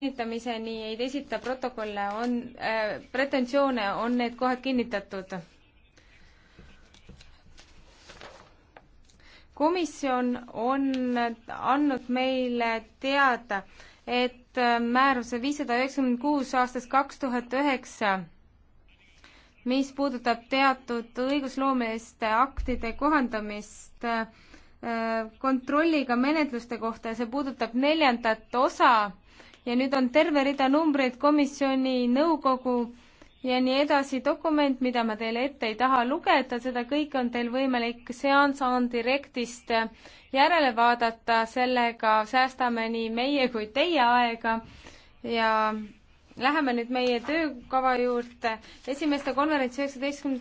kinnitamiseni ei esita protokolle, on äh,, pretensioone, on need kohad kinnitatud. komisjon on andnud meile teada, et äh, määruse viissada üheksakümmend kuus aastast kaks tuhat üheksa, mis puudutab teatud õigusloomeliste aktide kohandamist äh, kontrolliga menetluste kohta ja see puudutab neljandat osa ja nüüd on terve rida numbreid komisjoni, nõukogu ja nii edasi, dokument, mida ma teile ette ei taha lugeda, seda kõike on teil võimalik seanss on direktist järele vaadata, sellega säästame nii meie kui teie aega ja läheme nüüd meie töökava juurde. esimeste konverents üheksateistkümnendal